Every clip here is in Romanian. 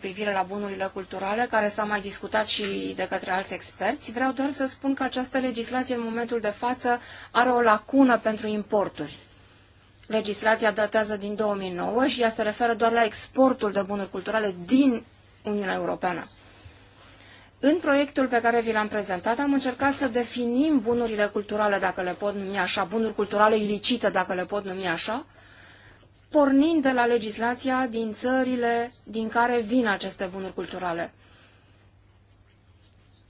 privire la bunurile culturale, care s-a mai discutat și de către alți experți, vreau doar să spun că această legislație în momentul de față are o lacună pentru importuri. Legislația datează din 2009 și ea se referă doar la exportul de bunuri culturale din Uniunea Europeană. În proiectul pe care vi l-am prezentat am încercat să definim bunurile culturale, dacă le pot numi așa, bunuri culturale ilicite, dacă le pot numi așa, pornind de la legislația din țările din care vin aceste bunuri culturale.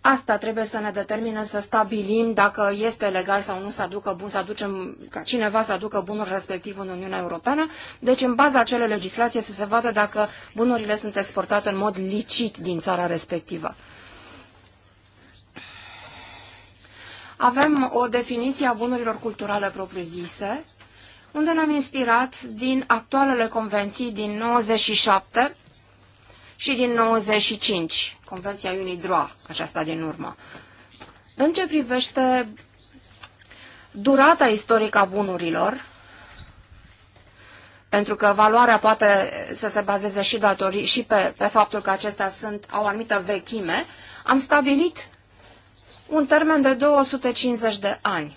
Asta trebuie să ne determine să stabilim dacă este legal sau nu să aducă bun, să aducem, ca cineva să aducă bunul respectiv în Uniunea Europeană. Deci, în baza acelei legislații, să se vadă dacă bunurile sunt exportate în mod licit din țara respectivă. Avem o definiție a bunurilor culturale propriu-zise, unde ne-am inspirat din actualele convenții din 97 și din 95, Convenția UNIDROA, aceasta din urmă. În ce privește durata istorică a bunurilor, pentru că valoarea poate să se bazeze și, datorii, și pe, pe faptul că acestea sunt, au anumită vechime, am stabilit un termen de 250 de ani.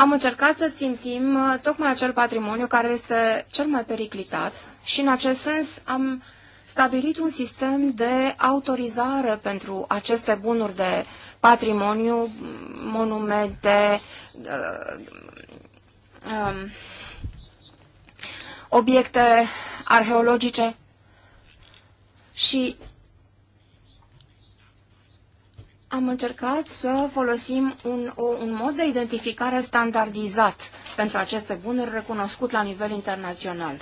Am încercat să țintim uh, tocmai acel patrimoniu care este cel mai periclitat și în acest sens am stabilit un sistem de autorizare pentru aceste bunuri de patrimoniu, monumente, uh, um, obiecte arheologice și am încercat să folosim un, o, un mod de identificare standardizat pentru aceste bunuri recunoscut la nivel internațional.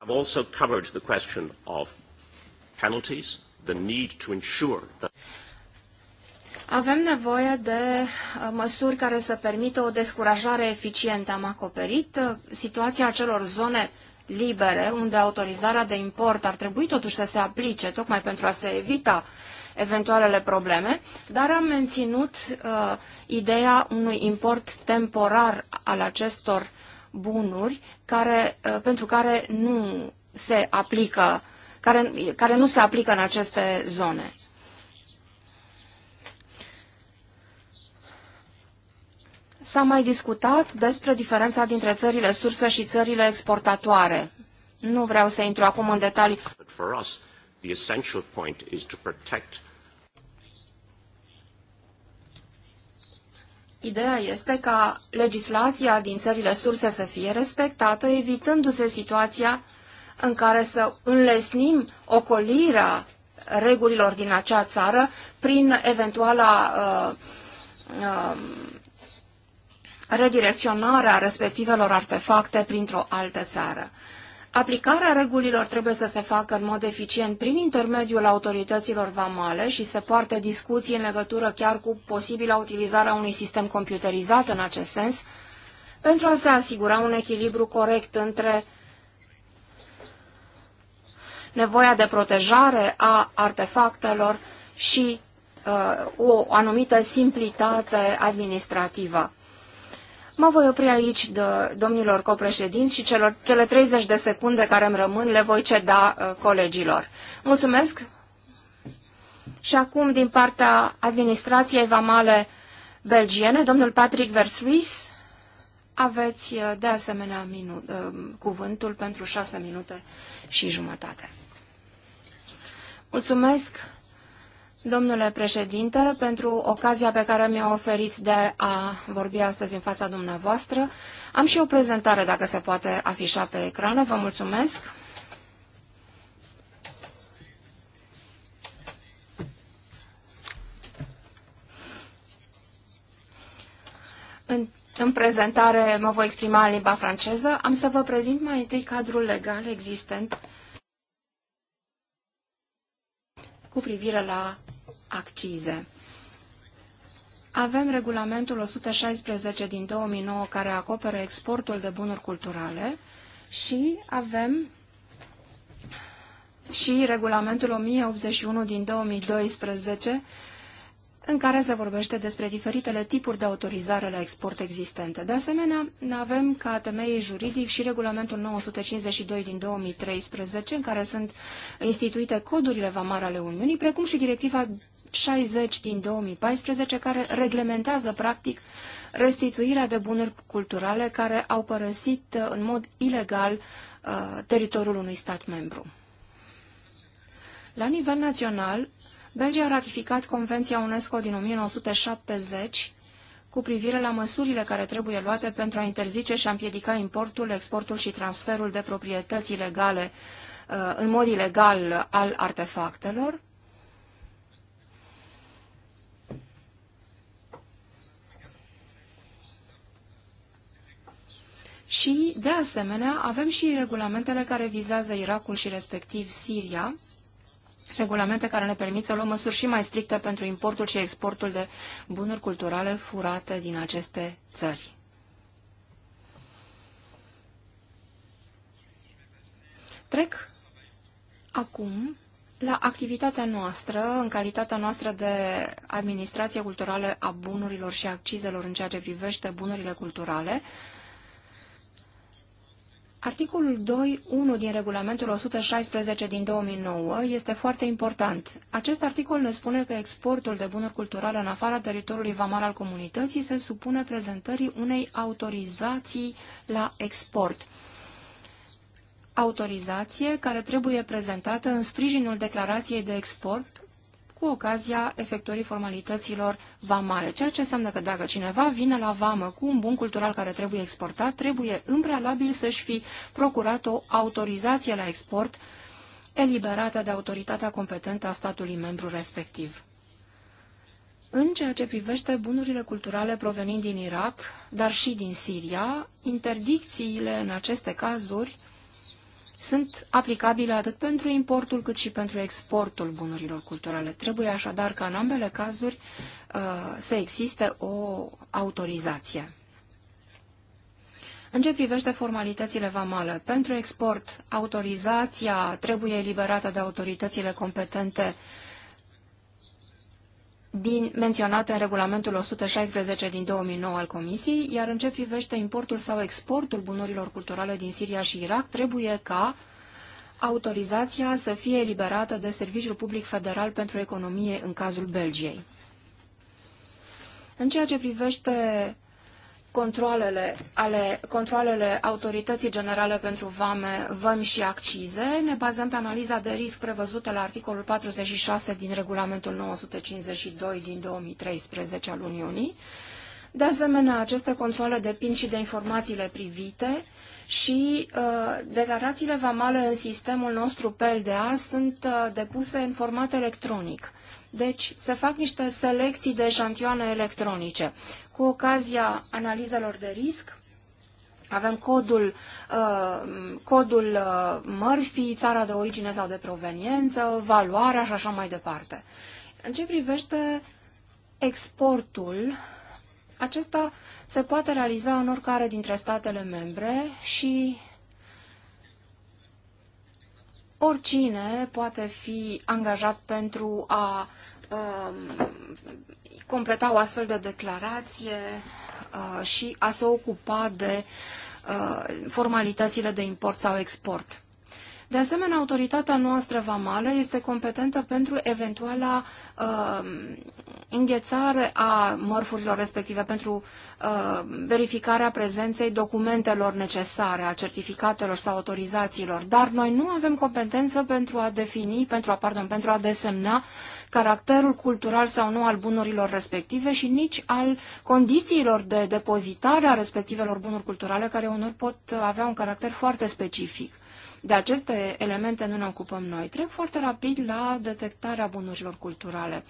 I've also covered the question of penalties, the need to ensure that avem nevoie de uh, măsuri care să permită o descurajare eficientă. Am acoperit uh, situația acelor zone libere, unde autorizarea de import ar trebui totuși să se aplice, tocmai pentru a se evita uh, eventualele probleme, dar am menținut uh, ideea unui import temporar al acestor bunuri care, uh, pentru care nu se aplică, care, care nu se aplică în aceste zone. S-a mai discutat despre diferența dintre țările sursă și țările exportatoare. Nu vreau să intru acum în detalii the essential point is to protect Ideea este ca legislația din țările surse să fie respectată, evitându-se situația în care să înlesnim ocolirea regulilor din acea țară prin eventuala uh, uh, redirecționare a respectivelor artefacte printr-o altă țară. Aplicarea regulilor trebuie să se facă în mod eficient prin intermediul autorităților vamale și se poartă discuții în legătură chiar cu posibila utilizarea unui sistem computerizat în acest sens, pentru a se asigura un echilibru corect între nevoia de protejare a artefactelor și uh, o anumită simplitate administrativă. Mă voi opri aici, de, domnilor copreședinți, și celor, cele 30 de secunde care îmi rămân le voi ceda uh, colegilor. Mulțumesc! Și acum, din partea administrației vamale belgiene, domnul Patrick Versuis, aveți uh, de asemenea uh, cuvântul pentru șase minute și jumătate. Mulțumesc! Domnule președinte, pentru ocazia pe care mi-o oferiți de a vorbi astăzi în fața dumneavoastră, am și o prezentare, dacă se poate afișa pe ecrană. Vă mulțumesc. În, în prezentare mă voi exprima în limba franceză. Am să vă prezint mai întâi cadrul legal existent cu privire la accize. Avem regulamentul 116 din 2009 care acoperă exportul de bunuri culturale și avem și regulamentul 1081 din 2012 în care se vorbește despre diferitele tipuri de autorizare la export existente. De asemenea, avem ca temei juridic și regulamentul 952 din 2013, în care sunt instituite codurile vamare ale Uniunii, precum și directiva 60 din 2014, care reglementează, practic, restituirea de bunuri culturale care au părăsit uh, în mod ilegal uh, teritoriul unui stat membru. La nivel național, Belgia a ratificat Convenția UNESCO din 1970 cu privire la măsurile care trebuie luate pentru a interzice și a împiedica importul, exportul și transferul de proprietăți ilegale uh, în mod ilegal al artefactelor. Și, de asemenea, avem și regulamentele care vizează Irakul și respectiv Siria, regulamente care ne permit să luăm măsuri și mai stricte pentru importul și exportul de bunuri culturale furate din aceste țări. Trec acum la activitatea noastră, în calitatea noastră de administrație culturală a bunurilor și accizelor în ceea ce privește bunurile culturale, Articolul 2.1 din regulamentul 116 din 2009 este foarte important. Acest articol ne spune că exportul de bunuri culturale în afara teritoriului vamal al comunității se supune prezentării unei autorizații la export. Autorizație care trebuie prezentată în sprijinul declarației de export cu ocazia efectuării formalităților vamale, ceea ce înseamnă că dacă cineva vine la vamă cu un bun cultural care trebuie exportat, trebuie în prealabil să-și fi procurat o autorizație la export eliberată de autoritatea competentă a statului membru respectiv. În ceea ce privește bunurile culturale provenind din Irak, dar și din Siria, interdicțiile în aceste cazuri sunt aplicabile atât pentru importul cât și pentru exportul bunurilor culturale. Trebuie așadar ca în ambele cazuri uh, să existe o autorizație. În ce privește formalitățile vamale, pentru export, autorizația trebuie eliberată de autoritățile competente uh, din, menționate în regulamentul 116 din 2009 al Comisiei, iar în ce privește importul sau exportul bunurilor culturale din Siria și Irak, trebuie ca autorizația să fie eliberată de Serviciul Public Federal pentru Economie în cazul Belgiei. În ceea ce privește controlele, ale, controlele Autorității Generale pentru Vame, Văm și Accize, ne bazăm pe analiza de risc prevăzută la articolul 46 din regulamentul 952 din 2013 al Uniunii. De asemenea, aceste controle depind și de informațiile privite și uh, declarațiile vamale în sistemul nostru PLDA sunt uh, depuse în format electronic. Deci se fac niște selecții de șantioane electronice. Cu ocazia analizelor de risc, avem codul, uh, codul uh, Murphy, țara de origine sau de proveniență, valoarea și așa mai departe. În ce privește exportul, acesta se poate realiza în oricare dintre statele membre și oricine poate fi angajat pentru a uh, completa o astfel de declarație uh, și a se ocupa de uh, formalitățile de import sau export. De asemenea, autoritatea noastră vamală este competentă pentru eventuala uh, înghețare a mărfurilor respective, pentru uh, verificarea prezenței documentelor necesare, a certificatelor sau autorizațiilor. Dar noi nu avem competență pentru a defini, pentru a, pardon, pentru a desemna caracterul cultural sau nu al bunurilor respective și nici al condițiilor de depozitare a respectivelor bunuri culturale, care unor pot avea un caracter foarte specific. De aceste elemente nu ne ocupăm noi. Trec foarte rapid la detectarea bunurilor culturale.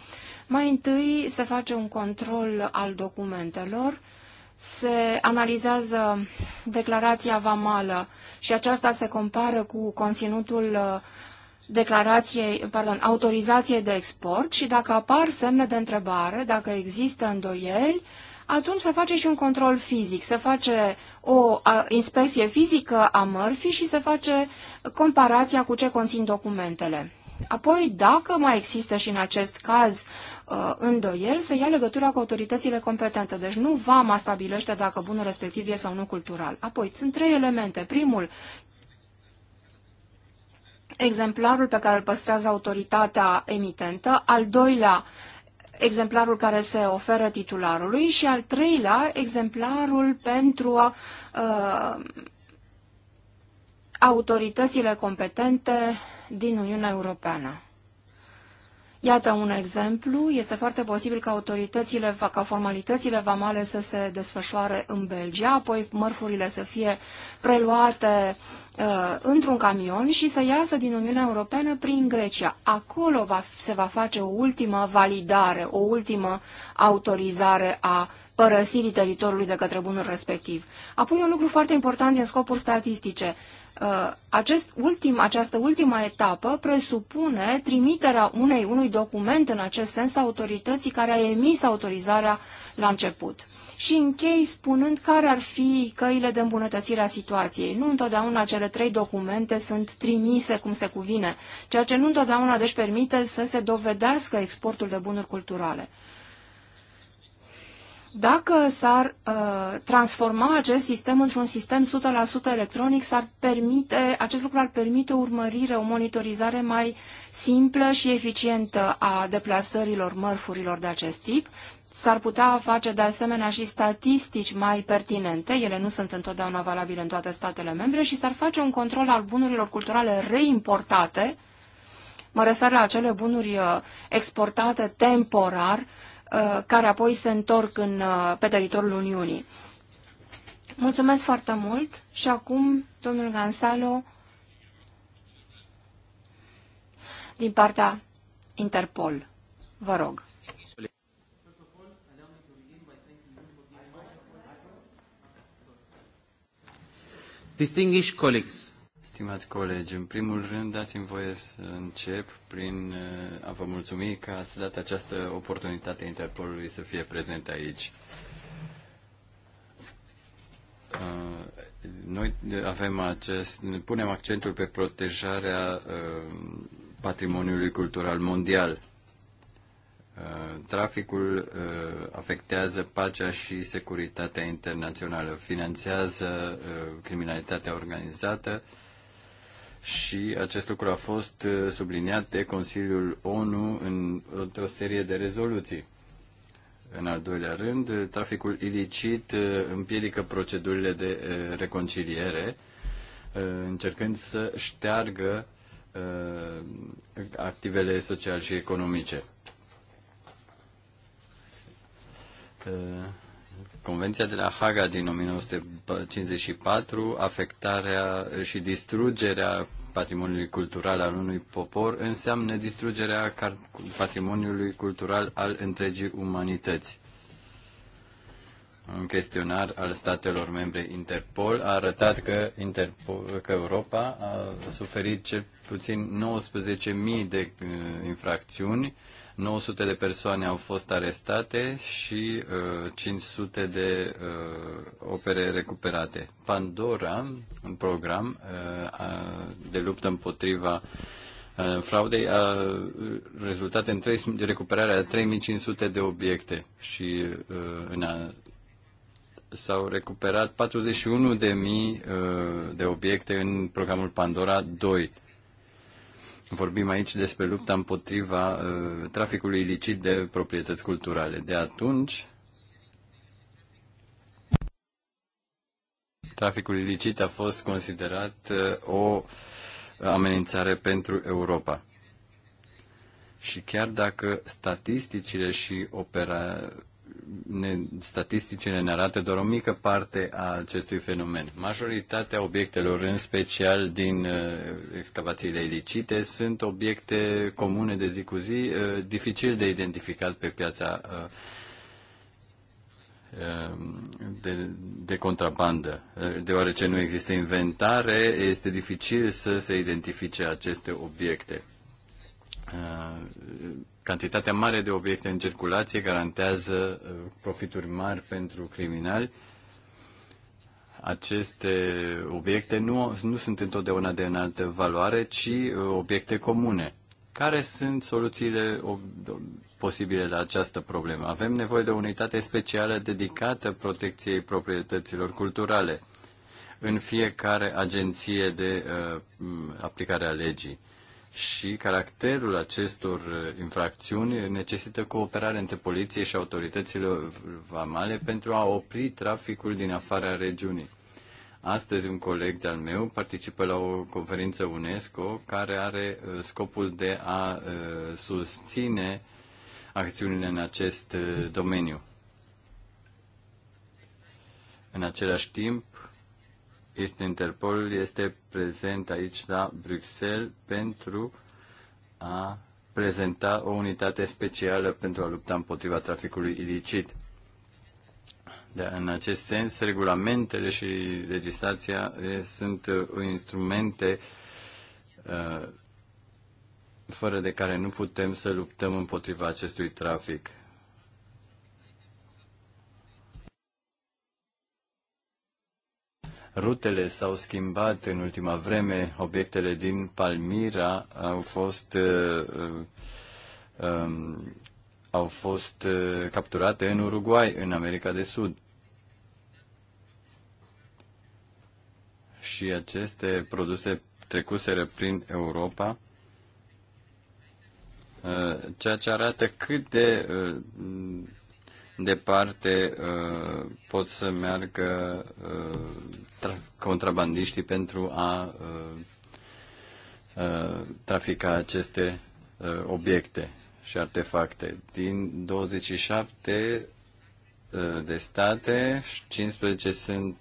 Mai întâi se face un control al documentelor, se analizează declarația vamală și aceasta se compară cu conținutul uh, declarației, pardon, autorizației de export și dacă apar semne de întrebare, dacă există îndoieli, atunci să face și un control fizic, să face o inspecție fizică a mărfii și să face comparația cu ce conțin documentele. Apoi, dacă mai există și în acest caz uh, îndoiel, să ia legătura cu autoritățile competente. Deci nu vama stabilește dacă bunul respectiv e sau nu cultural. Apoi, sunt trei elemente. Primul, exemplarul pe care îl păstrează autoritatea emitentă. Al doilea, uh, exemplarul care se oferă titularului și al treilea, exemplarul pentru a, uh, autoritățile competente din Uniunea Europeană. Iată un exemplu, este foarte posibil ca autoritățile, ca formalitățile vamale să se desfășoare în Belgia, apoi mărfurile să fie preluate uh, într-un camion și să iasă din Uniunea Europeană prin Grecia. Acolo va, se va face o ultimă validare, o ultimă autorizare a părăsirii teritoriului de către bunul respectiv. Apoi un lucru foarte important din scopuri statistice. Uh, acest ultim, această ultimă etapă presupune trimiterea unei, unui document în acest sens autorității care a emis autorizarea la început. Și închei spunând care ar fi căile de îmbunătățire a situației. Nu întotdeauna cele trei documente sunt trimise cum se cuvine, ceea ce nu întotdeauna deci permite să se dovedească exportul de bunuri culturale. Dacă s-ar uh, transforma acest sistem într-un sistem 100% electronic, s-ar permite, acest lucru ar permite o urmărire, o monitorizare mai simplă și eficientă a deplasărilor mărfurilor de acest tip. S-ar putea face de asemenea și statistici mai pertinente, ele nu sunt întotdeauna valabile în toate statele membre, și s-ar face un control al bunurilor culturale reimportate, mă refer la acele bunuri uh, exportate temporar, Uh, care apoi se întorc în, uh, pe teritoriul Uniunii. Mulțumesc foarte mult și acum domnul Gansalo din partea Interpol. Vă rog. Distinguished colleagues, Stimați colegi, în primul rând dați-mi voie să încep prin uh, a vă mulțumi că ați dat această oportunitate Interpolului să fie prezent aici. Uh, noi avem acest, punem accentul pe protejarea uh, patrimoniului cultural mondial. Traficul afectează pacea și securitatea internațională, finanțează criminalitatea organizată, și acest lucru a fost uh, subliniat de Consiliul ONU în, într-o serie de rezoluții. În al doilea rând, traficul ilicit uh, împiedică procedurile de uh, reconciliere, încercând să șteargă activele sociale și economice. Convenția de la Haga din 1954, afectarea și distrugerea patrimoniului cultural al unui popor înseamnă distrugerea patrimoniului cultural al întregii umanități. Un chestionar al statelor membre Interpol a arătat că, Interpol, că Europa a suferit cel puțin 19.000 de uh, infracțiuni 900 de persoane au fost arestate și uh, 500 de uh, opere recuperate. Pandora, un program uh, a, de luptă împotriva uh, fraudei, a uh, rezultat în 3, de recuperarea a 3500 de obiecte și uh, în a, s-au recuperat 41.000 de, mii, uh, de obiecte în programul Pandora 2. Vorbim aici despre lupta împotriva uh, traficului ilicit de proprietăți culturale. De atunci, traficul ilicit a fost considerat uh, o amenințare pentru Europa. Și chiar dacă statisticile și opera, ne, statisticile ne arată doar o mică parte a acestui fenomen. Majoritatea obiectelor, în special din uh, excavațiile ilicite, sunt obiecte comune de zi cu zi, uh, dificil de identificat pe piața uh, uh de, de contrabandă. Uh, deoarece nu există inventare, este dificil să se identifice aceste obiecte uh, Cantitatea mare de obiecte în circulație garantează uh, profituri mari pentru criminali. Aceste obiecte nu, nu sunt întotdeauna de înaltă valoare, ci uh, obiecte comune. Care sunt soluțiile posibile la această problemă? Avem nevoie de o unitate specială dedicată protecției proprietăților culturale în fiecare agenție de uh, aplicare a legii și caracterul acestor uh, infracțiuni necesită cooperare între poliție și autoritățile vamale pentru a opri traficul din afara regiunii. Astăzi un coleg de-al meu participă la o conferință UNESCO care are uh, scopul de a uh, susține acțiunile în acest domeniu. În același timp, Interpol este prezent aici la Bruxelles pentru a prezenta o unitate specială pentru a lupta împotriva traficului ilicit. De da, în acest sens, regulamentele și legislația sunt uh, instrumente uh, fără de care nu putem să luptăm împotriva acestui trafic. Rutele s-au schimbat în ultima vreme, obiectele din Palmira au fost uh, uh, um, au fost uh, capturate în Uruguay, în America de Sud. Și aceste produse trecuseră prin Europa, uh, ceea ce arată cât de uh, departe uh, pot să meargă uh, contrabandiștii pentru a uh, trafica aceste obiecte și artefacte. Din 27 de state, 15 sunt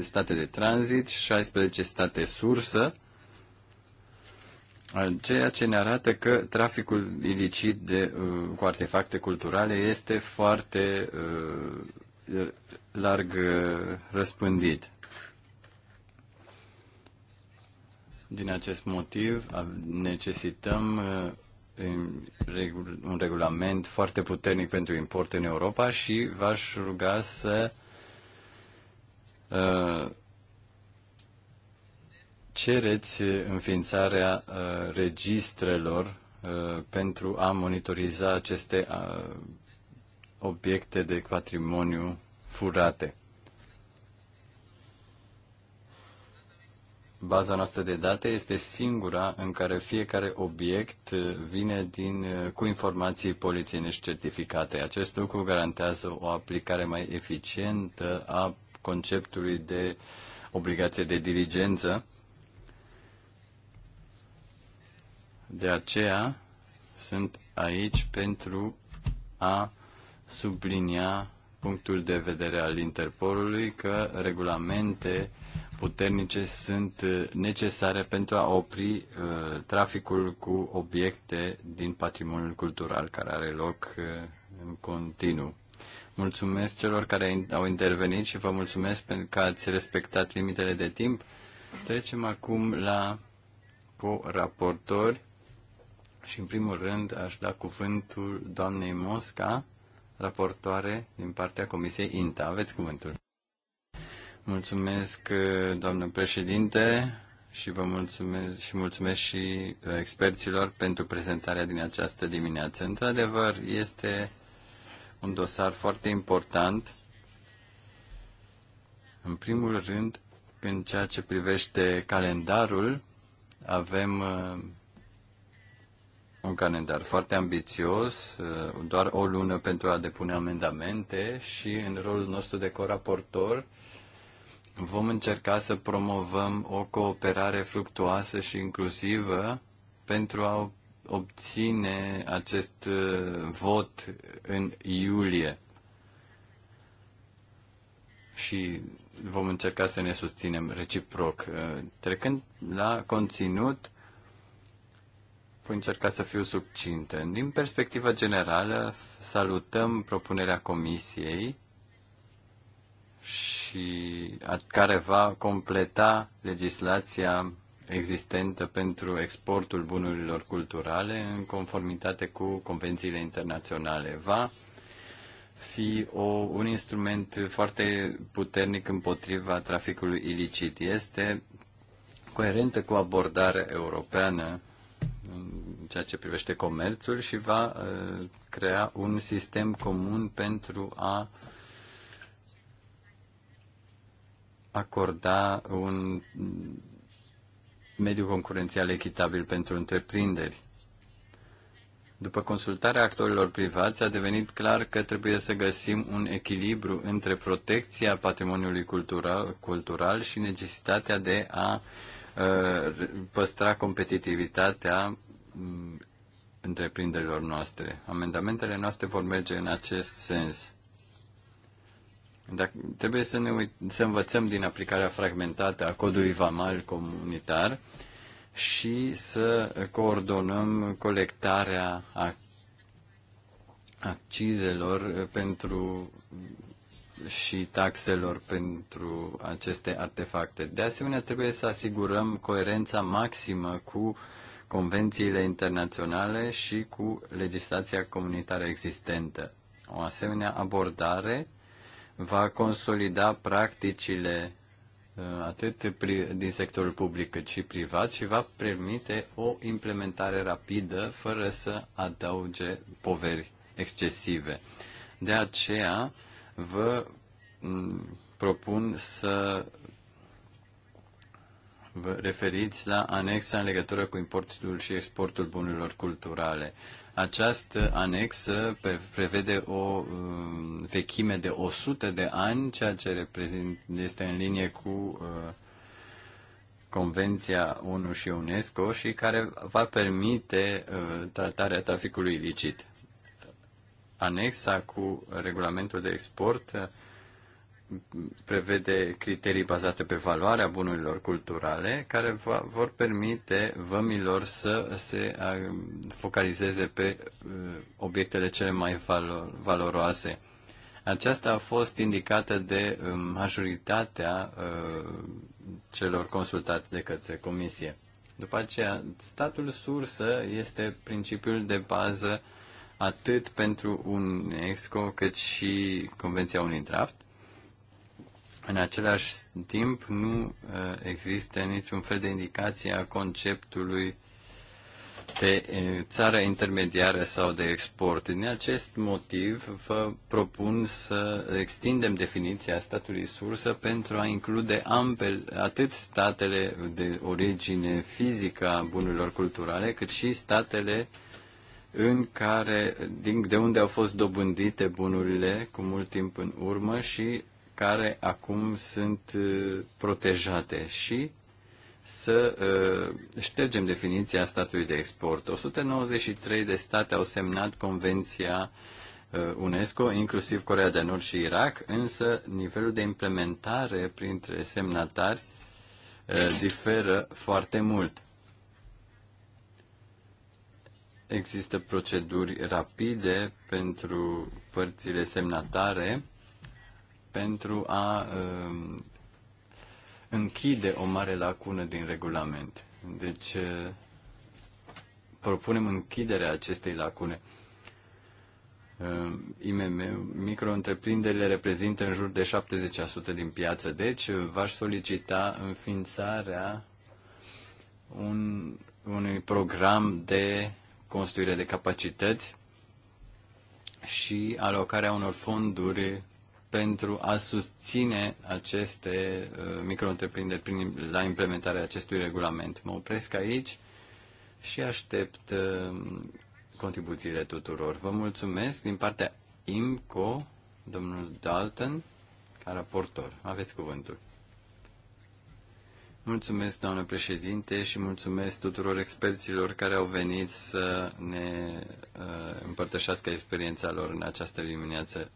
state de tranzit, 16 state sursă, ceea ce ne arată că traficul ilicit de, uh, cu artefacte culturale este foarte uh, larg uh, răspândit. Din acest motiv necesităm un regulament foarte puternic pentru import în Europa și v-aș ruga să cereți înființarea uh, registrelor uh, pentru a monitoriza aceste uh, obiecte de patrimoniu furate. Baza noastră de date este singura în care fiecare obiect uh, vine din, uh, cu informații polițienești certificate. Acest lucru garantează o aplicare mai eficientă a conceptului de obligație de diligență De aceea sunt aici pentru a sublinia punctul de vedere al Interpolului că regulamente puternice sunt uh, necesare pentru a opri uh, traficul cu obiecte din patrimoniul cultural care are loc uh, în continuu. Mulțumesc celor care au intervenit și vă mulțumesc pentru că ați respectat limitele de timp. Trecem acum la co-raportori. Și în primul rând aș da cuvântul doamnei Mosca, raportoare din partea Comisiei INTA. Aveți cuvântul. Mulțumesc, doamnă președinte, și vă mulțumesc și mulțumesc și uh, experților pentru prezentarea din această dimineață. Într-adevăr, este un dosar foarte important. În primul rând, în ceea ce privește calendarul, avem uh, un calendar foarte ambițios, uh, doar o lună pentru a depune amendamente și în rolul nostru de coraportor vom încerca să promovăm o cooperare fructuoasă și inclusivă pentru a obține acest uh, vot în iulie. Și vom încerca să ne susținem reciproc. Uh, trecând la conținut, voi încerca să fiu subcintă. Din perspectivă generală, salutăm propunerea Comisiei și care va completa legislația existentă pentru exportul bunurilor culturale în conformitate cu convențiile internaționale. Va fi o, un instrument foarte puternic împotriva traficului ilicit. Este coerentă cu abordarea europeană în ceea ce privește comerțul și va uh, crea un sistem comun pentru a acorda un mediu concurențial echitabil pentru întreprinderi. După consultarea actorilor privați, a devenit clar că trebuie să găsim un echilibru între protecția patrimoniului cultural, cultural și necesitatea de a uh, Uh, păstra competitivitatea mm, întreprinderilor noastre. Amendamentele noastre vor merge în acest sens. Dacă, trebuie să, ne uit, să învățăm din aplicarea fragmentată a codului VAMAL comunitar și să coordonăm colectarea accizelor pentru și taxelor pentru aceste artefacte. De asemenea, trebuie să asigurăm coerența maximă cu convențiile internaționale și cu legislația comunitară existentă. O asemenea abordare va consolida practicile uh, atât din sectorul public cât și privat și va permite o implementare rapidă fără să adauge poveri excesive. De aceea, vă propun să vă referiți la anexa în legătură cu importul și exportul bunurilor culturale. Această anexă prevede o um, vechime de 100 de ani, ceea ce este în linie cu uh, Convenția ONU și UNESCO și care va permite uh, tratarea traficului ilicit anexa cu regulamentul de export uh, prevede criterii bazate pe valoarea bunurilor culturale care va, vor permite vămilor să se uh, focalizeze pe uh, obiectele cele mai valo, valoroase. Aceasta a fost indicată de um, majoritatea celor consultați de către comisie. După aceea, statul sursă este principiul de bază uh, atât pentru un EXCO cât și Convenția unui draft. În același timp, nu uh, există niciun fel de indicație a conceptului de uh, țară intermediară sau de export. Din acest motiv, vă propun să extindem definiția statului sursă pentru a include ampel, atât statele de origine fizică a bunurilor culturale, cât și statele în care, din, de unde au fost dobândite bunurile cu mult timp în urmă și care acum sunt uh, protejate și să uh, ștergem definiția statului de export. 193 de state au semnat convenția uh, UNESCO, inclusiv Corea de Nord și Irak, însă nivelul de implementare printre semnatari uh, diferă foarte mult există proceduri rapide pentru părțile semnatare pentru a uh, închide o mare lacună din regulament. Deci uh, propunem închiderea acestei lacune. Uh, IMM, micro-întreprinderile reprezintă în jur de 70% din piață, deci v-aș solicita înființarea un, unui program de construire de capacități și alocarea unor fonduri pentru a susține aceste uh, micro-întreprinderi prin, la implementarea acestui regulament. Mă opresc aici și aștept uh, contribuțiile tuturor. Vă mulțumesc din partea IMCO, domnul Dalton, ca raportor. Aveți cuvântul. Mulțumesc, doamnă președinte, și mulțumesc tuturor experților care au venit să ne uh, împărtășească experiența lor în această dimineață.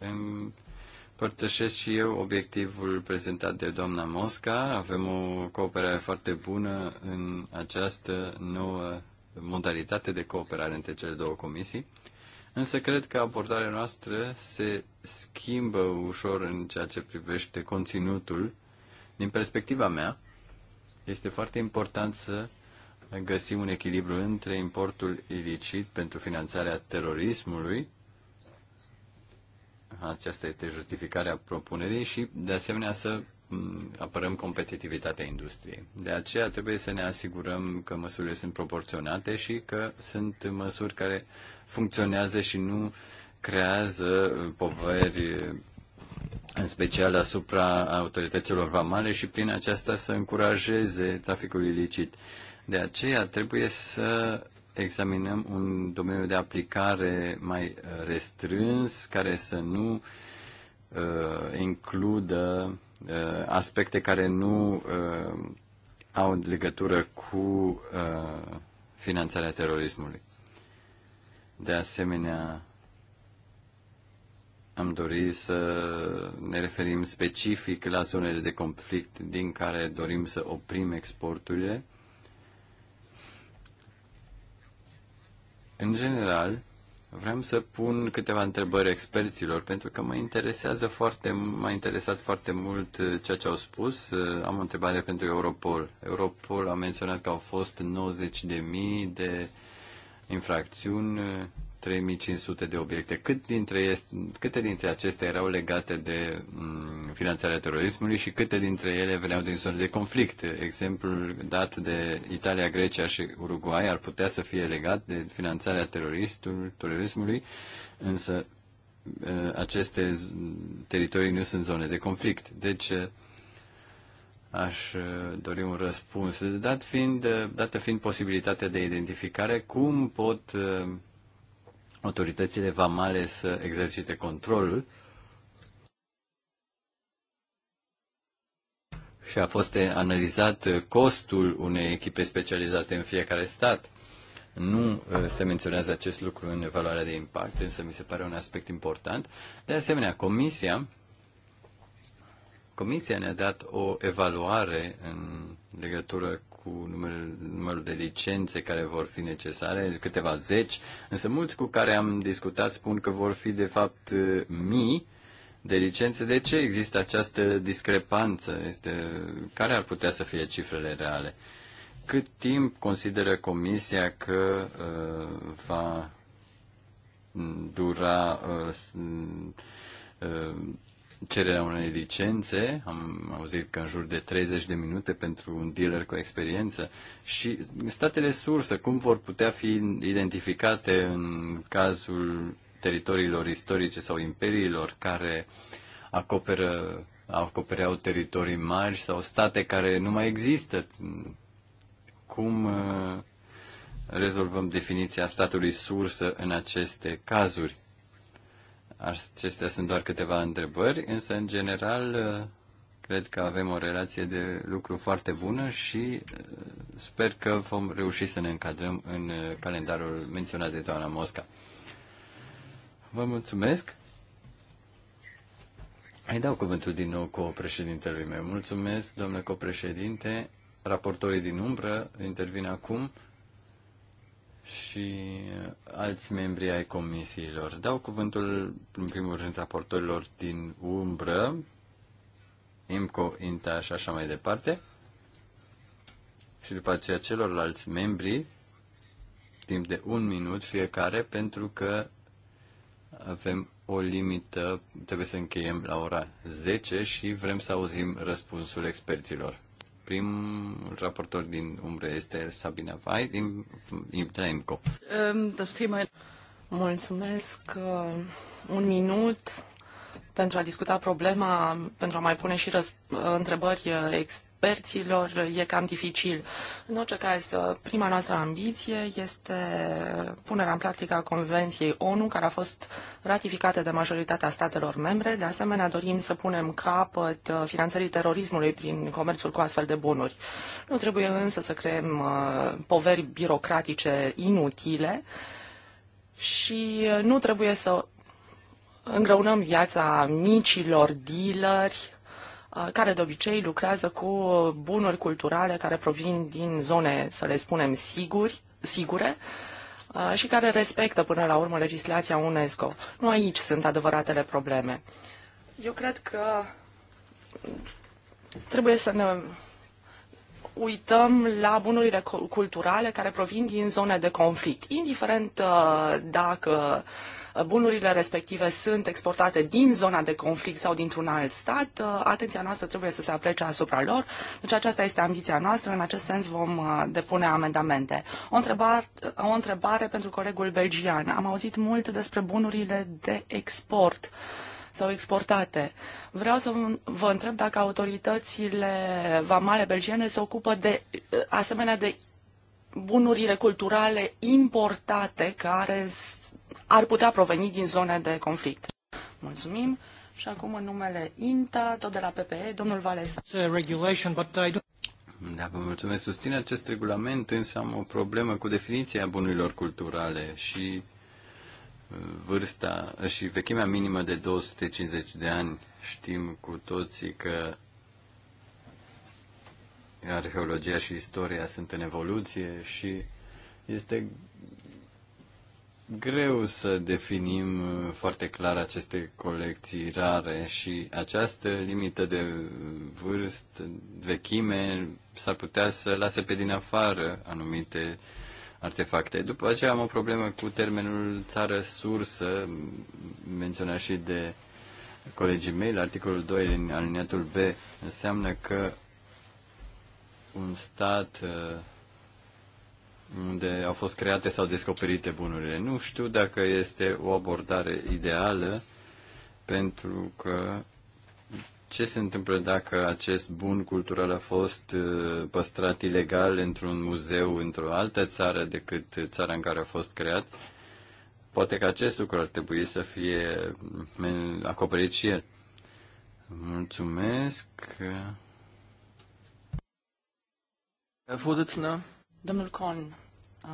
Împărtășesc și eu obiectivul prezentat de doamna Mosca. Avem o cooperare foarte bună în această nouă modalitate de cooperare între cele două comisii. Însă cred că abordarea noastră se schimbă ușor în ceea ce privește conținutul. Din perspectiva mea, este foarte important să găsim un echilibru între importul ilicit pentru finanțarea terorismului, aceasta este justificarea propunerii și, de asemenea, să apărăm competitivitatea industriei. De aceea trebuie să ne asigurăm că măsurile sunt proporționate și că sunt măsuri care funcționează și nu creează poveri în special asupra autorităților vamale și prin aceasta să încurajeze traficul ilicit. De aceea trebuie să examinăm un domeniu de aplicare mai restrâns, care să nu uh, includă uh, aspecte care nu uh, au legătură cu uh, finanțarea terorismului. De asemenea, am dorit să ne referim specific la zonele de conflict din care dorim să oprim exporturile. În general, vreau să pun câteva întrebări experților, pentru că mă interesează foarte, m-a interesat foarte mult uh, ceea ce au spus. Uh, am o întrebare pentru Europol. Europol a menționat că au fost 90.000 de infracțiuni uh, 3500 de obiecte. Cât dintre câte dintre acestea erau legate de mm, finanțarea terorismului și câte dintre ele veneau din zone de conflict? Exemplul dat de Italia, Grecia și Uruguay ar putea să fie legat de finanțarea terorismului, însă eh, aceste teritorii nu sunt zone de conflict. Deci, eh, aș eh, dori un răspuns. Dat fiind, dată fiind posibilitatea de identificare, cum pot autoritățile vamale să exercite controlul și a fost analizat costul unei echipe specializate în fiecare stat. Nu uh, se menționează acest lucru în evaluarea de impact, însă mi se pare un aspect important. De asemenea, comisia, comisia ne-a dat o evaluare în legătură cu numărul, numărul de licențe care vor fi necesare, câteva zeci, însă mulți cu care am discutat spun că vor fi de fapt mii de licențe. De ce există această discrepanță? Este, care ar putea să fie cifrele reale? Cât timp consideră Comisia că uh, va dura uh, uh, cererea unei licențe, am auzit că în jur de 30 de minute pentru un dealer cu experiență și statele sursă, cum vor putea fi identificate în cazul teritoriilor istorice sau imperiilor care acoperă, acopereau teritorii mari sau state care nu mai există. Cum uh, rezolvăm definiția statului sursă în aceste cazuri? Acestea sunt doar câteva întrebări, însă, în general, cred că avem o relație de lucru foarte bună și uh, sper că vom reuși să ne încadrăm în uh, calendarul menționat de doamna Mosca. Vă mulțumesc! Îi dau cuvântul din nou cu președintelui meu. Mulțumesc, domnule copreședinte. Raportorii din umbră intervin acum și alți membri ai comisiilor. Dau cuvântul, în primul rând, raportorilor din umbră, IMCO, INTA și așa mai departe, și după aceea celorlalți membri, timp de un minut fiecare, pentru că avem o limită, trebuie să încheiem la ora 10 și vrem să auzim răspunsul experților. Prim raportor din umbră este Sabina Vai din, din Tremco. Um, Mulțumesc. Uh, un minut pentru a discuta problema, pentru a mai pune și răs- întrebări uh, ex- experților e cam dificil. În orice caz, prima noastră ambiție este punerea în practică a Convenției ONU, care a fost ratificată de majoritatea statelor membre. De asemenea, dorim să punem capăt finanțării terorismului prin comerțul cu astfel de bunuri. Nu trebuie însă să creăm uh, poveri birocratice inutile și uh, nu trebuie să îngreunăm viața micilor dealeri care de obicei lucrează cu bunuri culturale care provin din zone, să le spunem, siguri, sigure și care respectă până la urmă legislația UNESCO. Nu aici sunt adevăratele probleme. Eu cred că trebuie să ne uităm la bunurile culturale care provin din zone de conflict, indiferent dacă uh, bunurile respective sunt exportate din zona de conflict sau dintr-un alt stat, uh, atenția noastră trebuie să se aplece asupra lor. Deci aceasta este ambiția noastră, în acest sens vom uh, depune amendamente. O întrebare, o întrebare pentru colegul belgian. Am auzit mult despre bunurile de export sau exportate. Vreau să vă întreb dacă autoritățile vamale belgiene se ocupă de uh, asemenea de bunurile culturale importate care ar putea proveni din zone de conflict. Mulțumim. Și acum în numele INTA, tot de la PPE, domnul Valesa. Da, vă mulțumesc. susține acest regulament, însă am o problemă cu definiția bunurilor culturale și uh, vârsta și vechimea minimă de 250 de ani. Știm cu toții că arheologia și istoria sunt în evoluție și este greu să definim uh, foarte clar aceste colecții rare și această limită de vârstă, vechime, s-ar putea să lase pe din afară anumite artefacte. După aceea am o problemă cu termenul țară sursă, menționat și de colegii mei, la articolul 2 din alineatul B, înseamnă că un stat uh, unde au fost create sau descoperite bunurile. Nu știu dacă este o abordare ideală, pentru că ce se întâmplă dacă acest bun cultural a fost uh, păstrat ilegal într-un muzeu într-o altă țară decât țara în care a fost creat? Poate că acest lucru ar trebui să fie acoperit și el. Mulțumesc. Herr Vorsitzender, Domnul Con, uh,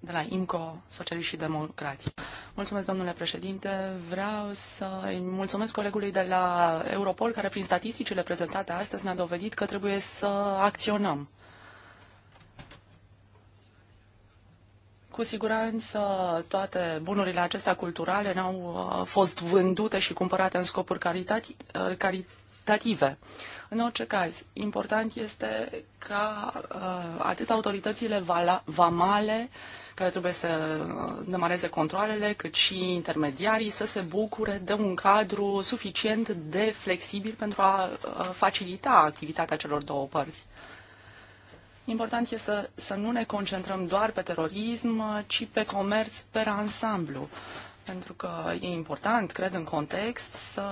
de la IMCO, Socialiști și Democrați. Mulțumesc, domnule președinte. Vreau să îi mulțumesc colegului de la Europol, care prin statisticile prezentate astăzi ne-a dovedit că trebuie să acționăm. Cu siguranță toate bunurile acestea culturale n-au uh, fost vândute și cumpărate în scopuri uh, caritative. În orice caz, important este ca uh, atât autoritățile vala, vamale, care trebuie să uh, demareze controlele, cât și intermediarii să se bucure de un cadru suficient de flexibil pentru a uh, facilita activitatea celor două părți. Important este să, să nu ne concentrăm doar pe terorism, ci pe comerț pe ansamblu pentru că e important, cred, în context să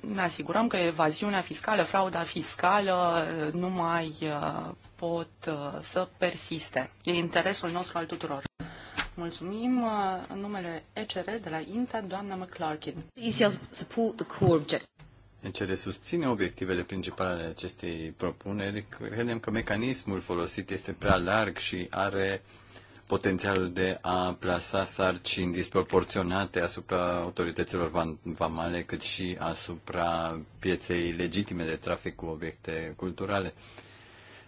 ne asigurăm că evaziunea fiscală, frauda fiscală uh, nu mai uh, pot uh, să persiste. E interesul nostru al tuturor. Mulțumim în numele ECR de la INTA, doamna McClarkin. ECR susține obiectivele principale ale acestei propuneri. Credem că mecanismul folosit este prea larg și are potențialul de a plasa sarcini disproporționate asupra autorităților vamale, cât și asupra pieței legitime de trafic cu obiecte culturale,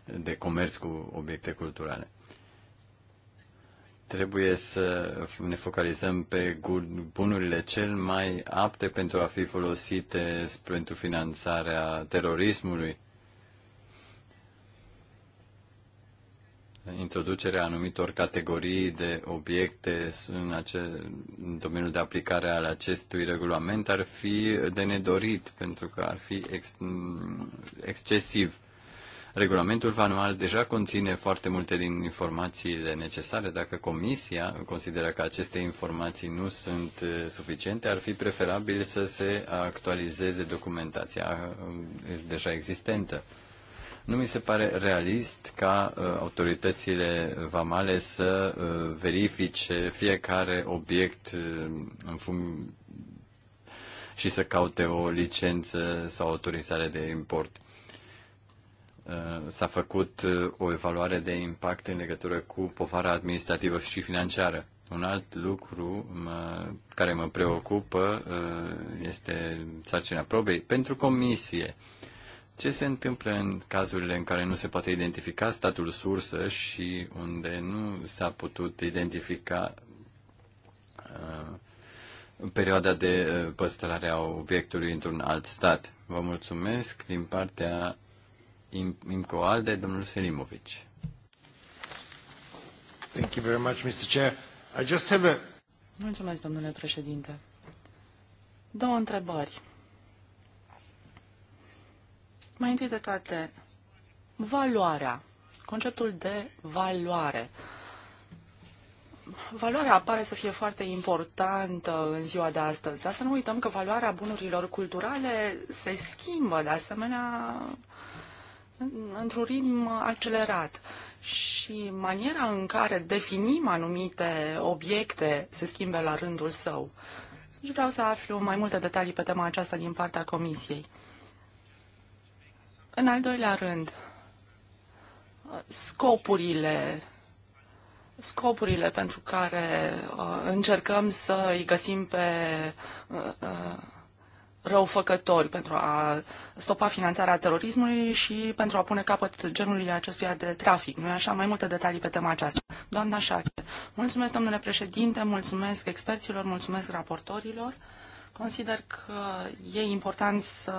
de comerț cu obiecte culturale. Trebuie să ne focalizăm pe bunurile cel mai apte pentru a fi folosite pentru finanțarea terorismului introducerea anumitor categorii de obiecte în, ace- în domeniul de aplicare al acestui regulament ar fi de nedorit, pentru că ar fi ex- excesiv. Regulamentul anual deja conține foarte multe din informațiile necesare. Dacă Comisia consideră că aceste informații nu sunt suficiente, ar fi preferabil să se actualizeze documentația deja existentă. Nu mi se pare realist ca uh, autoritățile vamale să uh, verifice fiecare obiect uh, în fum și să caute o licență sau autorizare de import. Uh, s-a făcut uh, o evaluare de impact în legătură cu povara administrativă și financiară. Un alt lucru mă, care mă preocupă uh, este sarcina probei pentru comisie. Ce se întâmplă în cazurile în care nu se poate identifica statul sursă și unde nu s-a putut identifica uh, perioada de uh, păstrare a obiectului într-un alt stat? Vă mulțumesc din partea IMCOAL de domnul Selimovic. Thank you very much, Mr. Chair. I just have a... Mulțumesc, domnule președinte. Două întrebări. Mai întâi de toate, valoarea, conceptul de valoare. Valoarea apare să fie foarte importantă în ziua de astăzi, dar să nu uităm că valoarea bunurilor culturale se schimbă, de asemenea, într-un ritm accelerat. Și maniera în care definim anumite obiecte se schimbe la rândul său. Și deci vreau să aflu mai multe detalii pe tema aceasta din partea Comisiei. În al doilea rând, scopurile scopurile pentru care uh, încercăm să îi găsim pe uh, uh, răufăcători pentru a stopa finanțarea terorismului și pentru a pune capăt genului acestuia de trafic. Nu-i așa? Mai multe detalii pe tema aceasta. Doamna Șache, mulțumesc, domnule președinte, mulțumesc experților, mulțumesc raportorilor. Consider că e important să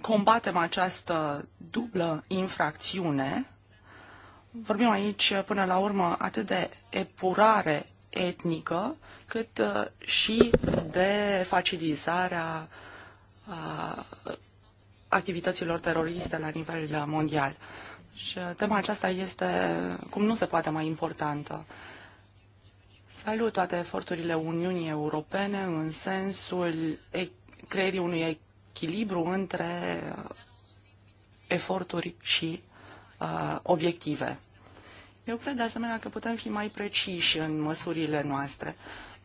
combatem această dublă infracțiune, vorbim aici până la urmă atât de epurare etnică, cât uh, și de facilizarea uh, activităților teroriste la nivel mondial. Și uh, tema aceasta este, cum nu se poate, mai importantă. Salut toate eforturile Uniunii Europene în sensul creierii unui echilibru între uh, eforturi și uh, obiective. Eu cred de asemenea că putem fi mai preciși în măsurile noastre,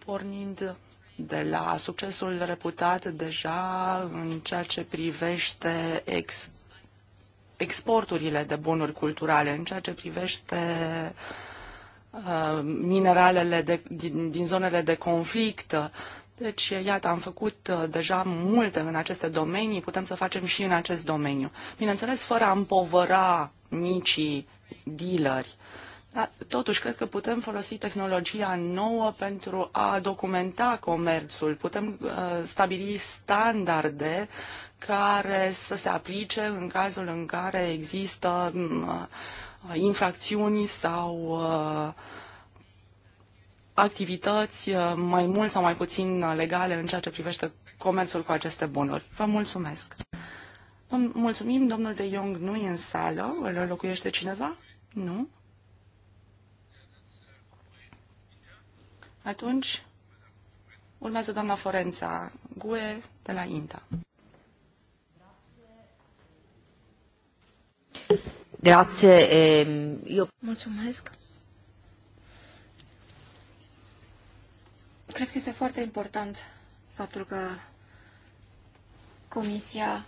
pornind de la succesul reputat deja în ceea ce privește ex- exporturile de bunuri culturale, în ceea ce privește uh, mineralele de, din, din zonele de conflict, deci, iată, am făcut uh, deja multe în aceste domenii, putem să facem și în acest domeniu. Bineînțeles, fără a împovăra micii dealeri. Dar, totuși, cred că putem folosi tehnologia nouă pentru a documenta comerțul. Putem uh, stabili standarde care să se aplice în cazul în care există mm, uh, infracțiuni sau uh, activități uh, mai mult sau mai puțin legale în ceea ce privește comerțul cu aceste bunuri. Vă mulțumesc! Mulțumim, domnul de Jong nu e în sală, îl înlocuiește cineva? Nu? Atunci, urmează doamna Forența Gue de la INTA. Grazie. Eu... Ehm, mulțumesc. cred că este foarte important faptul că Comisia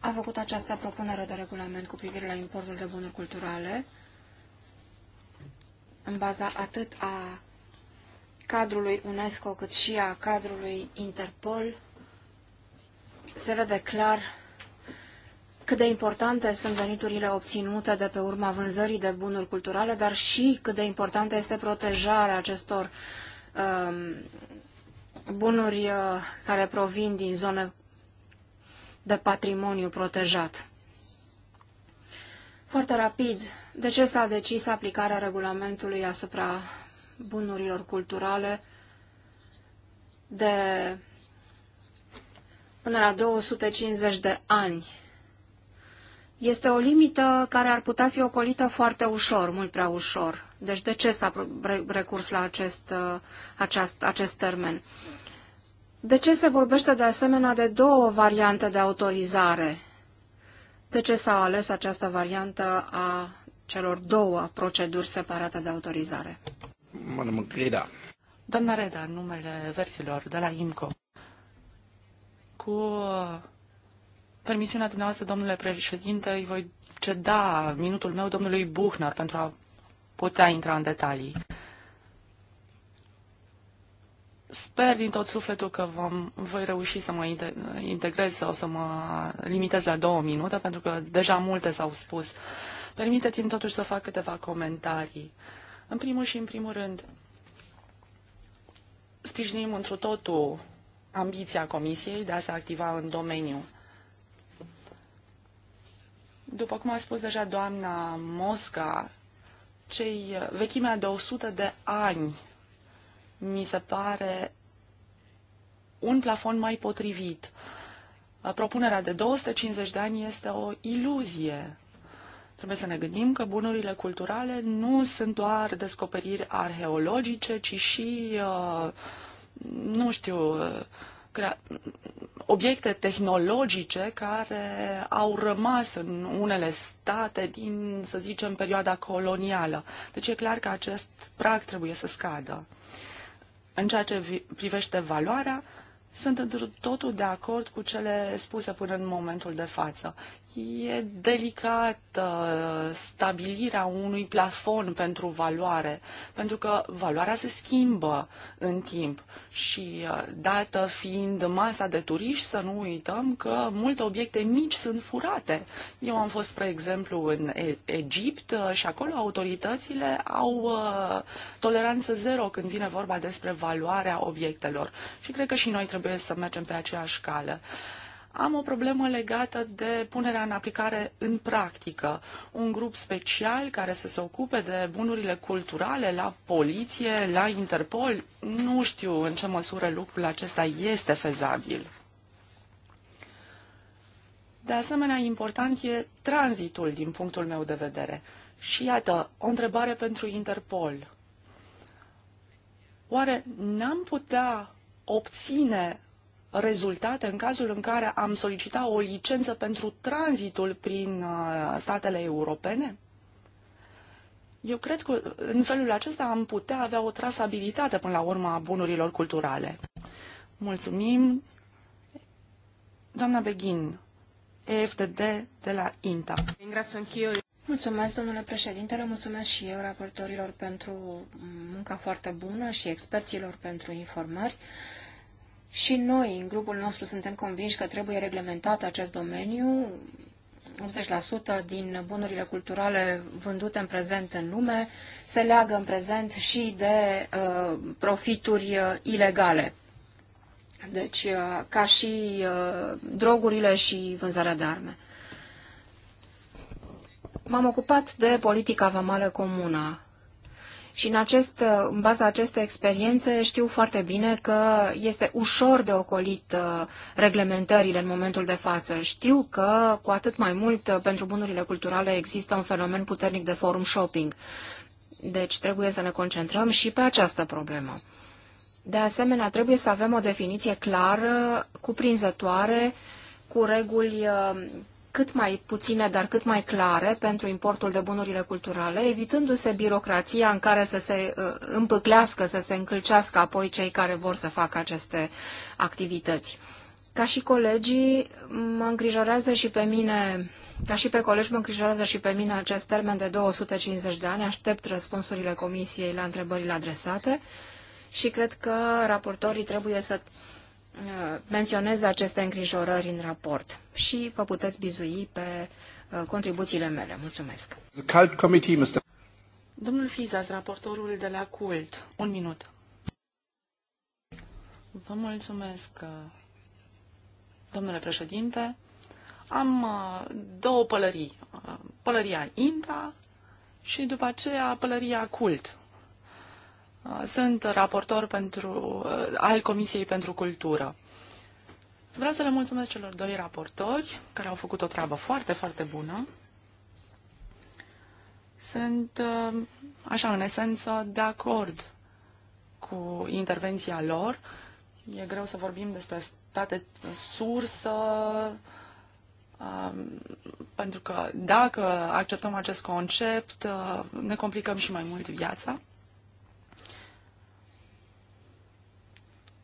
a făcut această propunere de regulament cu privire la importul de bunuri culturale în baza atât a cadrului UNESCO cât și a cadrului Interpol. Se vede clar cât de importante sunt veniturile obținute de pe urma vânzării de bunuri culturale, dar și cât de importantă este protejarea acestor uh, Um, bunuri uh, care provin din zone de patrimoniu protejat. Foarte rapid, de ce s-a decis aplicarea regulamentului asupra bunurilor culturale de până la 250 de ani? Este o limită care ar putea fi ocolită foarte ușor, mult prea ușor. Deci de ce s-a recurs la acest, uh, acest, acest termen? De ce se vorbește de asemenea de două variante de autorizare? De ce s-a ales această variantă a celor două proceduri separate de autorizare? Doamna Reda, în numele versilor de la INCO, cu permisiunea dumneavoastră, domnule președinte, îi voi ceda minutul meu domnului Buchner pentru a putea intra în detalii. Sper din tot sufletul că vom, voi reuși să mă integrez sau să mă limitez la două minute, pentru că deja multe s-au spus. Permiteți-mi totuși să fac câteva comentarii. În primul și în primul rând, sprijinim întru totul ambiția Comisiei de a se activa în domeniu. După cum a spus deja doamna Mosca, cei, vechimea de 100 de ani mi se pare un plafon mai potrivit. Propunerea de 250 de ani este o iluzie. Trebuie să ne gândim că bunurile culturale nu sunt doar descoperiri arheologice, ci și, uh, nu știu, uh, obiecte tehnologice care au rămas în unele state din, să zicem, perioada colonială. Deci e clar că acest prag trebuie să scadă. În ceea ce privește valoarea, sunt într totul de acord cu cele spuse până în momentul de față e delicată stabilirea unui plafon pentru valoare, pentru că valoarea se schimbă în timp și uh, dată fiind masa de turiști, să nu uităm că multe obiecte mici sunt furate. Eu am fost, spre exemplu, în Egipt uh, și acolo autoritățile au uh, toleranță zero când vine vorba despre valoarea obiectelor și cred că și noi trebuie să mergem pe aceeași cală am o problemă legată de punerea în aplicare în practică. Un grup special care să se ocupe de bunurile culturale la poliție, la Interpol, nu știu în ce măsură lucrul acesta este fezabil. De asemenea, important e tranzitul din punctul meu de vedere. Și iată, o întrebare pentru Interpol. Oare n-am putea obține rezultate în cazul în care am solicita o licență pentru tranzitul prin uh, statele europene? Eu cred că în felul acesta am putea avea o trasabilitate până la urmă a bunurilor culturale. Mulțumim. Doamna Beghin, EFDD de la INTA. Mulțumesc, domnule președinte, le mulțumesc și eu raportorilor pentru munca foarte bună și experților pentru informări. Și noi, în grupul nostru, suntem convinși că trebuie reglementat acest domeniu. 80% din bunurile culturale vândute în prezent în lume se leagă în prezent și de uh, profituri uh, ilegale. Deci, uh, ca și uh, drogurile și vânzarea de arme. M-am ocupat de politica vamală comună și în, acest, în baza acestei experiențe știu foarte bine că este ușor de ocolit uh, reglementările în momentul de față. Știu că, cu atât mai mult, uh, pentru bunurile culturale există un fenomen puternic de forum shopping. Deci trebuie să ne concentrăm și pe această problemă. De asemenea, trebuie să avem o definiție clară, cuprinzătoare, cu reguli uh, cât mai puține, dar cât mai clare pentru importul de bunurile culturale, evitându-se birocrația în care să se uh, împâclească, să se încălcească apoi cei care vor să facă aceste activități. Ca și colegii, mă îngrijorează și pe mine, ca și pe colegi, mă îngrijorează și pe mine acest termen de 250 de ani. Aștept răspunsurile comisiei la întrebările adresate și cred că raportorii trebuie să Uh, menționez aceste îngrijorări în raport și vă puteți bizui pe uh, contribuțiile mele. Mulțumesc. Domnul Fizas, raportorul de la CULT. Un minut. Vă mulțumesc, uh, domnule președinte. Am două pălării. Pălăria INTA și după aceea pălăria CULT. Uh, sunt raportor pentru, uh, al Comisiei pentru Cultură. Vreau să le mulțumesc celor doi raportori care au făcut o treabă foarte, foarte bună. Sunt, uh, așa, în esență, de acord cu intervenția lor. E greu să vorbim despre state sursă, um, pentru că dacă acceptăm acest concept, ne complicăm și mai mult viața.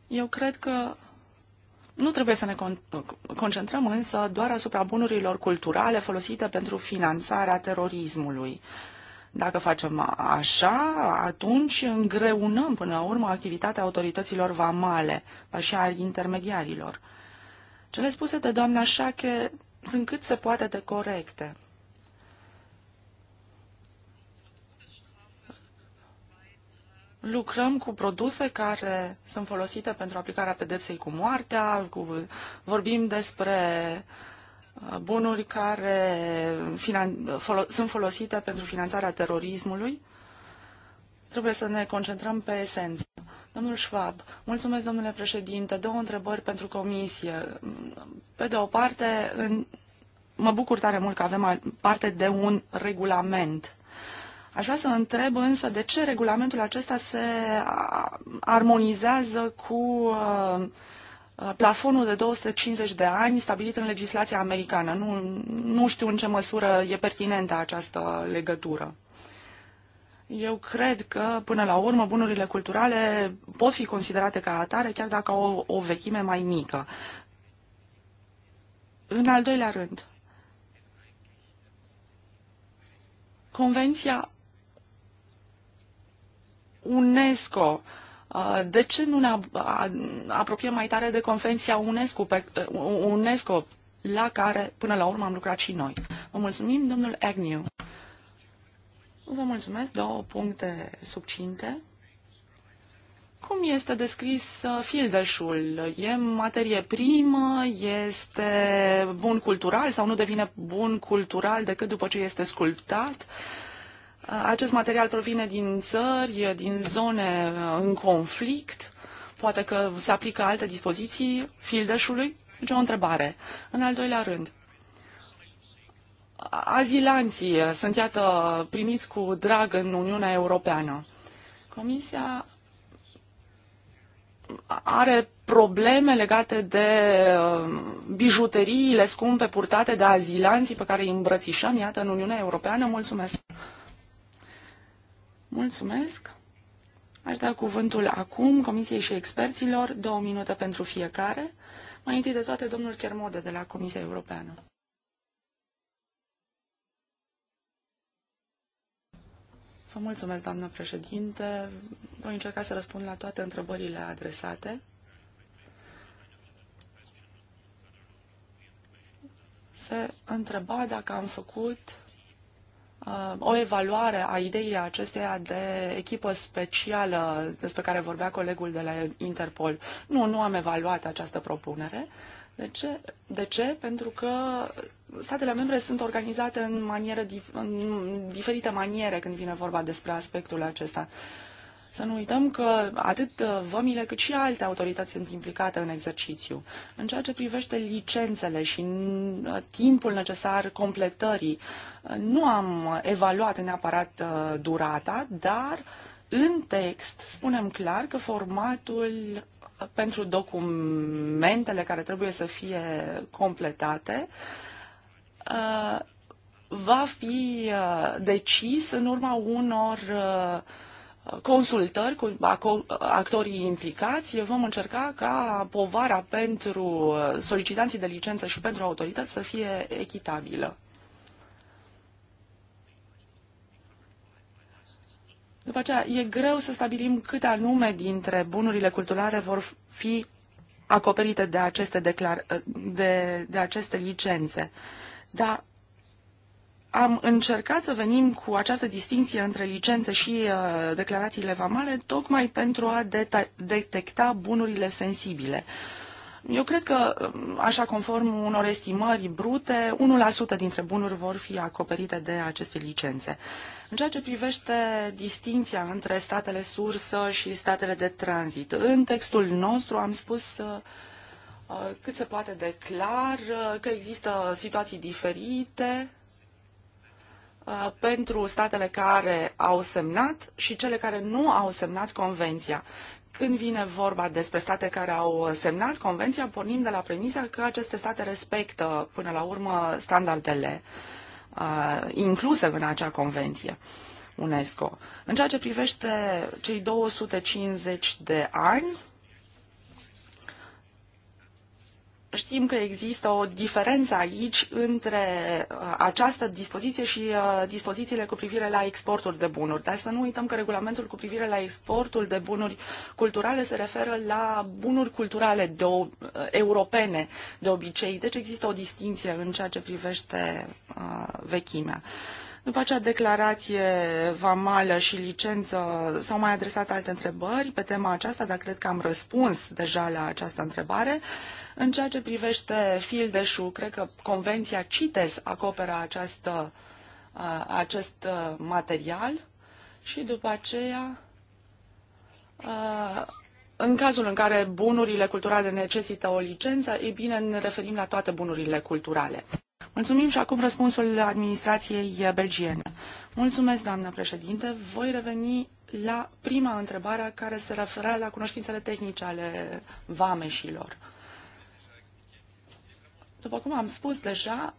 Eu cred că nu trebuie să ne con- concentrăm însă doar asupra bunurilor culturale folosite pentru finanțarea terorismului. Dacă facem așa, atunci îngreunăm până la urmă activitatea autorităților vamale, dar și a intermediarilor. Cele spuse de doamna Șache sunt cât se poate de corecte. lucrăm cu produse care sunt folosite pentru aplicarea pedepsei cu moartea, cu, vorbim despre uh, bunuri care finan, fol, sunt folosite pentru finanțarea terorismului. Trebuie să ne concentrăm pe esență. Domnul Schwab, mulțumesc, domnule președinte. Două întrebări pentru comisie. Pe de o parte, în, mă bucur tare mult că avem parte de un regulament Aș vrea să întreb însă de ce regulamentul acesta se armonizează cu uh, plafonul de 250 de ani stabilit în legislația americană. Nu, nu știu în ce măsură e pertinentă această legătură. Eu cred că, până la urmă, bunurile culturale pot fi considerate ca atare, chiar dacă au o, o vechime mai mică. În al doilea rând, Convenția UNESCO. Uh, de ce nu ne apropiem mai tare de Convenția UNESCO, pe, uh, UNESCO la care până la urmă am lucrat și noi? Vă mulțumim, domnul Agnew. Vă mulțumesc, două puncte subcinte. Cum este descris uh, fildeșul? E materie primă, este bun cultural sau nu devine bun cultural decât după ce este sculptat? Uh, Uh, acest material provine din țări, uh, din zone uh, în conflict, poate că se aplică alte dispoziții fildeșului. Deci o întrebare. În al doilea rând, azilanții sunt, iată, primiți cu drag în Uniunea Europeană. Comisia are probleme legate de bijuteriile scumpe purtate de azilanții pe care îi îmbrățișăm, iată, în Uniunea Europeană. Mulțumesc! Mulțumesc. Aș da cuvântul acum Comisiei și experților, două minute pentru fiecare. Mai întâi de toate, domnul Chermode de la Comisia Europeană. Vă mulțumesc, doamnă președinte. Voi încerca să răspund la toate întrebările adresate. Se întreba dacă am făcut Uh, o evaluare a ideii acesteia de echipă specială despre care vorbea colegul de la Interpol. Nu, nu am evaluat această propunere. De ce? De ce? Pentru că statele membre sunt organizate în, manieră, în diferite maniere când vine vorba despre aspectul acesta. Uh, să nu uităm că atât uh, vămile cât și alte autorități sunt implicate în exercițiu. În ceea ce privește licențele și uh, timpul necesar completării, uh, nu am evaluat neapărat durata, dar în text spunem clar că formatul pentru documentele care trebuie să fie completate va fi decis în urma unor uh, consultări cu actorii implicați, vom încerca ca povara pentru uh, solicitanții de licență și pentru autorități să fie echitabilă. După aceea, e greu să stabilim câte anume dintre bunurile culturale vor fi acoperite de aceste, declar- de, de aceste licențe. Dar am încercat să venim cu această distinție între licențe și uh, declarațiile vamale tocmai pentru a detecta bunurile sensibile. Eu cred că, um, așa conform unor estimări brute, 1% dintre bunuri vor fi acoperite de aceste licențe. În ceea ce privește distinția între statele sursă și statele de tranzit, în textul nostru am spus uh, uh, cât se poate de clar uh, că există situații diferite Uh, pentru statele care au semnat și cele care nu au semnat convenția. Când vine vorba despre state care au semnat convenția, pornim de la premisa că aceste state respectă până la urmă standardele uh, incluse în acea convenție UNESCO. În ceea ce privește cei 250 de ani, Știm că există o diferență aici între uh, această dispoziție și uh, dispozițiile cu privire la exportul de bunuri, dar să nu uităm că regulamentul cu privire la exportul de bunuri culturale se referă la bunuri culturale de o, uh, europene de obicei, deci există o distinție în ceea ce privește uh, vechimea. Uh, după acea declarație vamală și licență s-au mai adresat alte întrebări pe tema aceasta, dar cred că am răspuns deja la această întrebare. În ceea ce privește fildeșul, cred că Convenția CITES acoperă această, uh, acest uh, material și după aceea uh, în cazul în care bunurile culturale necesită o licență, e bine, ne referim la toate bunurile culturale. Mulțumim și acum răspunsul administrației belgiene. Mulțumesc, doamnă președinte. Voi reveni la prima întrebare care se referă la cunoștințele tehnice ale vameșilor. După cum am spus deja,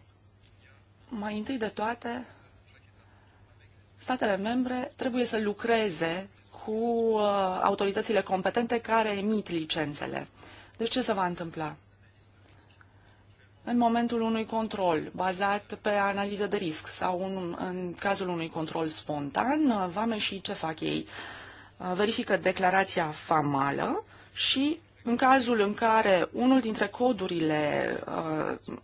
mai întâi de toate, statele membre trebuie să lucreze cu uh, autoritățile competente care emit licențele. Deci ce se va întâmpla? în momentul unui control bazat pe analiză de risc sau un, în cazul unui control spontan, vame și ce fac ei? Verifică declarația famală și în cazul în care unul dintre codurile uh,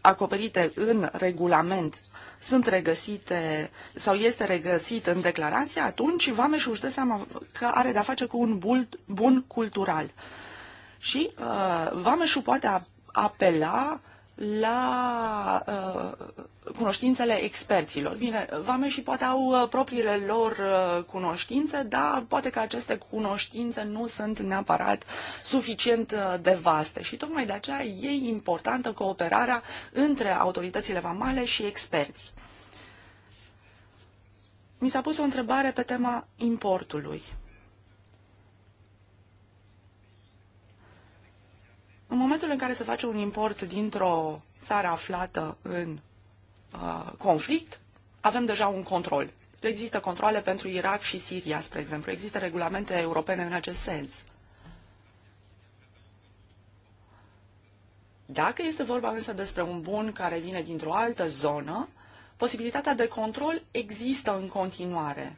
acoperite în regulament sunt regăsite sau este regăsit în declarație, atunci vameșul își dă seama că are de-a face cu un bun, bun cultural. Și uh, vameșul poate apela la uh, cunoștințele experților. Bine, și poate au uh, propriile lor uh, cunoștințe, dar poate că aceste cunoștințe nu sunt neapărat suficient uh, de vaste și tocmai de aceea e importantă cooperarea între autoritățile vamale și experți. Mi s-a pus o întrebare pe tema importului. momentul în care se face un import dintr-o țară aflată în uh, conflict, avem deja un control. Există controle pentru Irak și Siria, spre exemplu. Există regulamente europene în acest sens. Dacă este vorba însă despre un bun care vine dintr-o altă zonă, posibilitatea de control există în continuare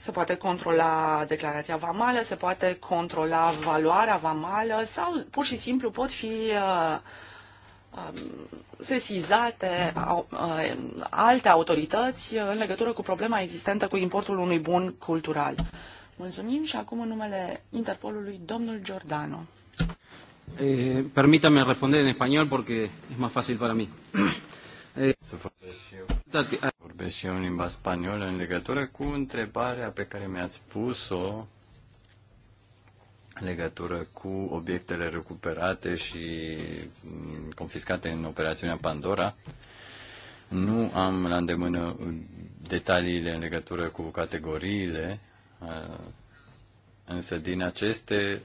se poate controla declarația vamală, se poate controla valoarea vamală sau pur și simplu pot fi uh, um, sesizate uh, alte autorități în legătură cu problema existentă cu importul unui bun cultural. Mulțumim și acum în numele Interpolului, domnul Giordano. Eh, permítame responder en español porque es más fácil para mí. Eh, Vorbesc și eu în limba spaniolă în legătură cu întrebarea pe care mi-ați pus-o în legătură cu obiectele recuperate și confiscate în operațiunea Pandora. Nu am la îndemână detaliile în legătură cu categoriile, uh, însă din aceste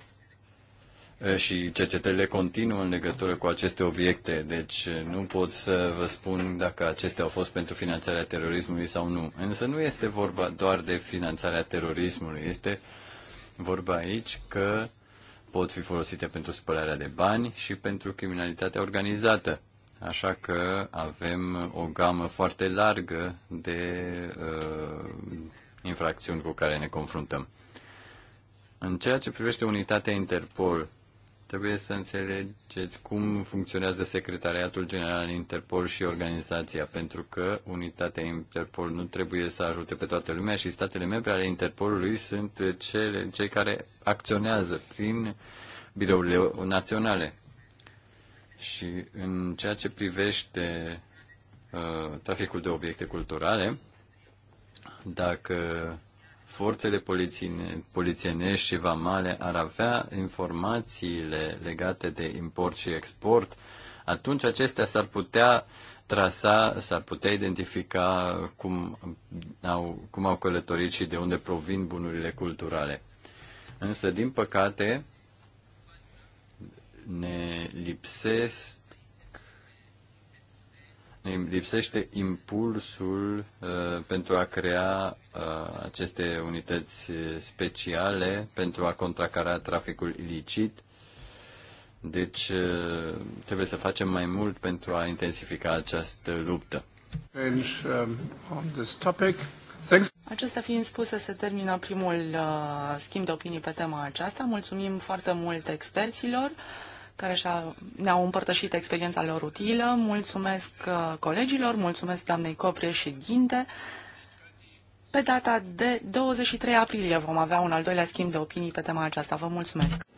și cercetările continuă în legătură cu aceste obiecte, deci nu pot să vă spun dacă acestea au fost pentru finanțarea terorismului sau nu. Însă nu este vorba doar de finanțarea terorismului, este vorba aici că pot fi folosite pentru spălarea de bani și pentru criminalitatea organizată. Așa că avem o gamă foarte largă de uh, infracțiuni cu care ne confruntăm. În ceea ce privește unitatea Interpol, Trebuie să înțelegeți cum funcționează Secretariatul General Interpol și organizația, pentru că unitatea Interpol nu trebuie să ajute pe toată lumea și statele membre ale Interpolului sunt cele, cei care acționează prin birourile naționale. Și în ceea ce privește uh, traficul de obiecte culturale, dacă forțele polițienești și vamale ar avea informațiile legate de import și export, atunci acestea s-ar putea trasa, s-ar putea identifica cum au, cum au călătorit și de unde provin bunurile culturale. Însă, din păcate, ne lipsesc îmi lipsește impulsul uh, pentru a crea uh, aceste unități speciale pentru a contracara traficul ilicit. Deci uh, trebuie să facem mai mult pentru a intensifica această luptă. Um, Acesta fiind spusă, se termină primul uh, schimb de opinii pe tema aceasta. Mulțumim foarte mult experților care a ne-au împărtășit experiența lor utilă. Mulțumesc uh, colegilor, mulțumesc doamnei Coprie și Ghinte. Pe data de 23 aprilie vom avea un al doilea schimb de opinii pe tema aceasta. Vă mulțumesc!